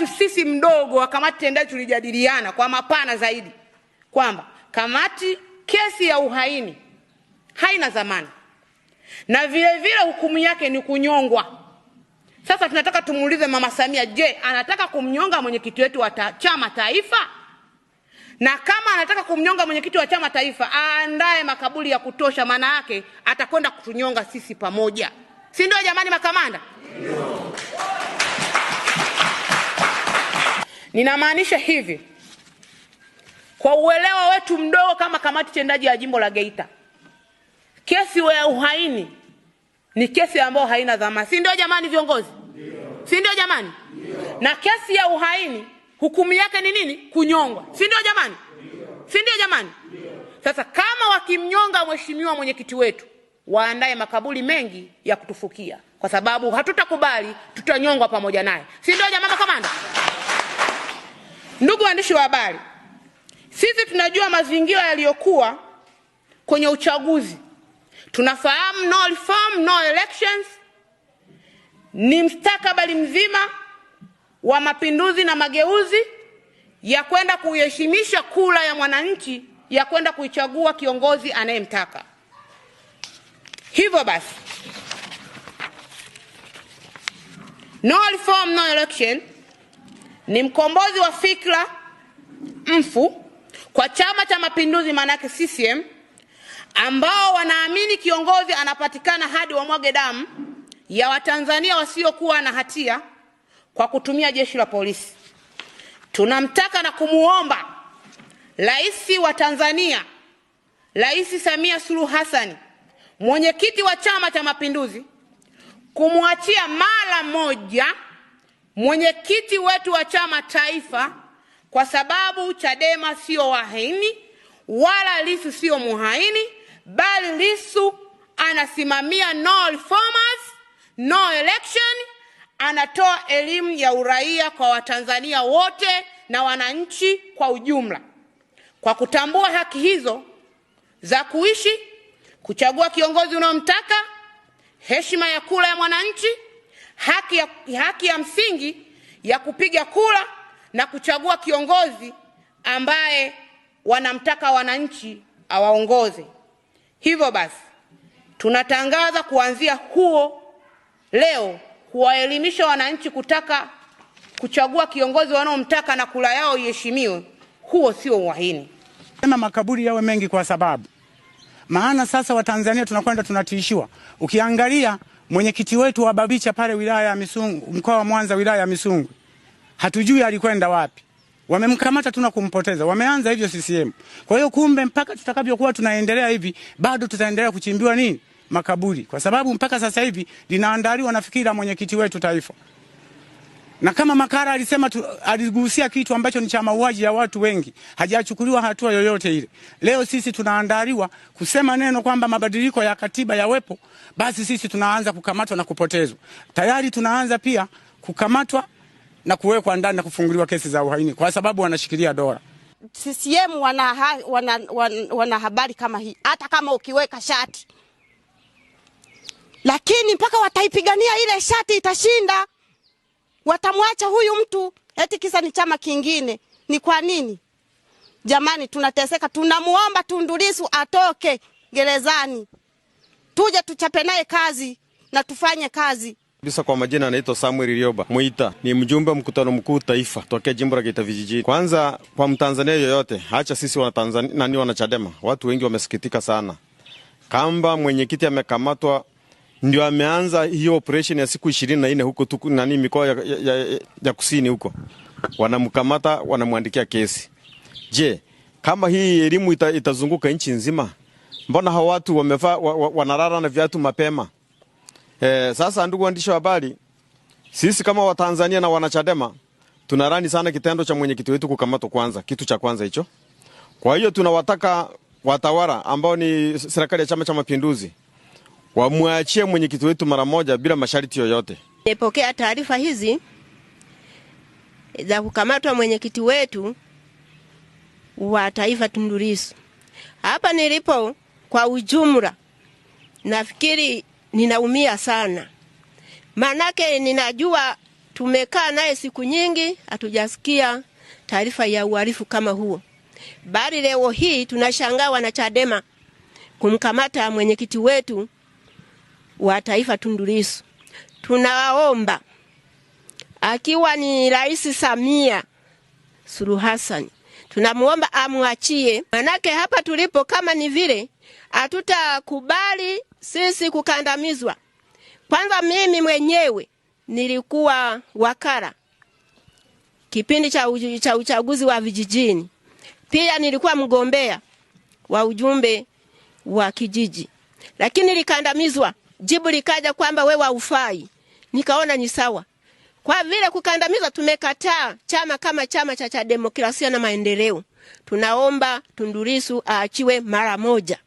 wetu sisi mdogo wa kamati tendaji tulijadiliana kwa mapana zaidi kwamba kamati, kesi ya uhaini haina zamani na vile vile hukumu yake ni kunyongwa. Sasa tunataka tumuulize Mama Samia, je, anataka kumnyonga mwenyekiti wetu wa ta, chama taifa? Na kama anataka kumnyonga mwenyekiti wa chama taifa, aandae makaburi ya kutosha, maana yake atakwenda kutunyonga sisi pamoja, si ndio? Jamani makamanda, ndio. Ninamaanisha hivi, kwa uelewa wetu mdogo kama kamati tendaji ya jimbo la Geita, kesi ya uhaini ni kesi ambayo haina dhamana, si ndio jamani viongozi? Si ndio jamani? Na kesi ya uhaini hukumu yake ni nini? Kunyongwa, si ndio jamani? Si ndio jamani? Sasa kama wakimnyonga mheshimiwa mwenyekiti wetu, waandae makaburi mengi ya kutufukia, kwa sababu hatutakubali, tutanyongwa pamoja naye, si ndio jamani, kamanda? Ndugu waandishi wa habari, sisi tunajua mazingira yaliyokuwa kwenye uchaguzi, tunafahamu no reform no elections ni mstakabali mzima wa mapinduzi na mageuzi ya kwenda kuiheshimisha kura ya mwananchi ya kwenda kuichagua kiongozi anayemtaka. Hivyo basi, no reform no election ni mkombozi wa fikra mfu kwa Chama cha Mapinduzi, maanake CCM, ambao wanaamini kiongozi anapatikana hadi wamwage damu ya Watanzania wasiokuwa na hatia kwa kutumia jeshi la polisi. Tunamtaka na kumuomba Rais wa Tanzania, Rais Samia Suluhu Hassan, mwenyekiti wa Chama cha Mapinduzi, kumwachia mara moja mwenyekiti wetu wa chama taifa, kwa sababu Chadema sio wahaini wala lisu sio muhaini, bali lisu anasimamia no reformers, no election. Anatoa elimu ya uraia kwa Watanzania wote na wananchi kwa ujumla, kwa kutambua haki hizo za kuishi, kuchagua kiongozi unaomtaka, heshima ya kura ya mwananchi haki ya, haki ya msingi ya kupiga kura na kuchagua kiongozi ambaye wanamtaka wananchi awaongoze. Hivyo basi, tunatangaza kuanzia huo leo kuwaelimisha wananchi kutaka kuchagua kiongozi wanaomtaka na kura yao iheshimiwe. Huo sio uhaini. Sema makaburi yawe mengi, kwa sababu maana sasa Watanzania tunakwenda tunatiishiwa. Ukiangalia mwenyekiti wetu wa Babicha pale wilaya ya Misungu, mkoa wa Mwanza wilaya ya Misungwi, hatujui alikwenda wapi. Wamemkamata tuna kumpoteza. Wameanza hivyo CCM. Kwa hiyo kumbe, mpaka tutakavyokuwa tunaendelea hivi, bado tutaendelea kuchimbiwa nini makaburi, kwa sababu mpaka sasa hivi linaandaliwa, nafikiri, mwenyekiti wetu taifa na kama Makara alisema tu, aligusia kitu ambacho ni cha mauaji ya watu wengi, hajachukuliwa hatua yoyote ile. Leo sisi tunaandaliwa kusema neno kwamba mabadiliko ya katiba yawepo, basi sisi tunaanza kukamatwa na kupotezwa. Tayari tunaanza pia kukamatwa na kuwekwa ndani na kufunguliwa kesi za uhaini kwa sababu wanashikilia dola. CCM wana, ha, wana, wana, wana habari kama hii, hata kama ukiweka shati, lakini mpaka wataipigania ile shati itashinda watamwacha huyu mtu eti kisa ni chama kingine. Ni kwa nini jamani? Tunateseka, tunamuomba Tundu Lissu atoke gerezani, tuje tuchape naye kazi na tufanye kazi kabisa. Kwa majina anaitwa Samuel Rioba Mwita, ni mjumbe mkutano mkuu taifa tokea jimbo la Geita vijijini. Kwanza kwa mtanzania yoyote, hacha sisi wana Tanzania nani wanachadema, watu wengi wamesikitika sana kamba mwenyekiti amekamatwa ndio ameanza hiyo operation ya siku ishirini na nne huko tuku, nani mikoa ya, ya, ya, ya kusini huko wanamkamata wanamwandikia kesi. Je, kama hii elimu ita, itazunguka nchi nzima, mbona hawa watu wamevaa wa, wa, wanarara na viatu mapema? E, sasa ndugu waandishi wa habari, sisi kama Watanzania na wanachadema tunarani sana kitendo cha mwenyekiti wetu kukamatwa, kwanza kitu cha kwanza hicho. Kwa hiyo tunawataka watawala ambao ni serikali ya Chama cha Mapinduzi wamwachie mwenyekiti wetu mara moja bila masharti yoyote. Nimepokea taarifa hizi za kukamatwa mwenyekiti wetu wa taifa Tundu Lissu. Hapa nilipo kwa ujumla, nafikiri ninaumia sana, manake ninajua tumekaa naye siku nyingi, hatujasikia taarifa ya uhalifu kama huo, bali leo hii tunashangaa wanachadema kumkamata mwenyekiti wetu wa taifa Tundu Lissu, tunawaomba akiwa ni Rais Samia Suluhu Hassan tunamuomba amwachie, manake hapa tulipo kama ni vile hatutakubali sisi kukandamizwa. Kwanza mimi mwenyewe nilikuwa wakala kipindi cha, cha uchaguzi wa vijijini, pia nilikuwa mgombea wa ujumbe wa kijiji, lakini nilikandamizwa. Jibu likaja kwamba we waufai Nikaona ni sawa, kwa vile kukandamiza tumekataa. Chama kama chama cha cha demokrasia na maendeleo tunaomba Tundu Lissu aachiwe mara moja.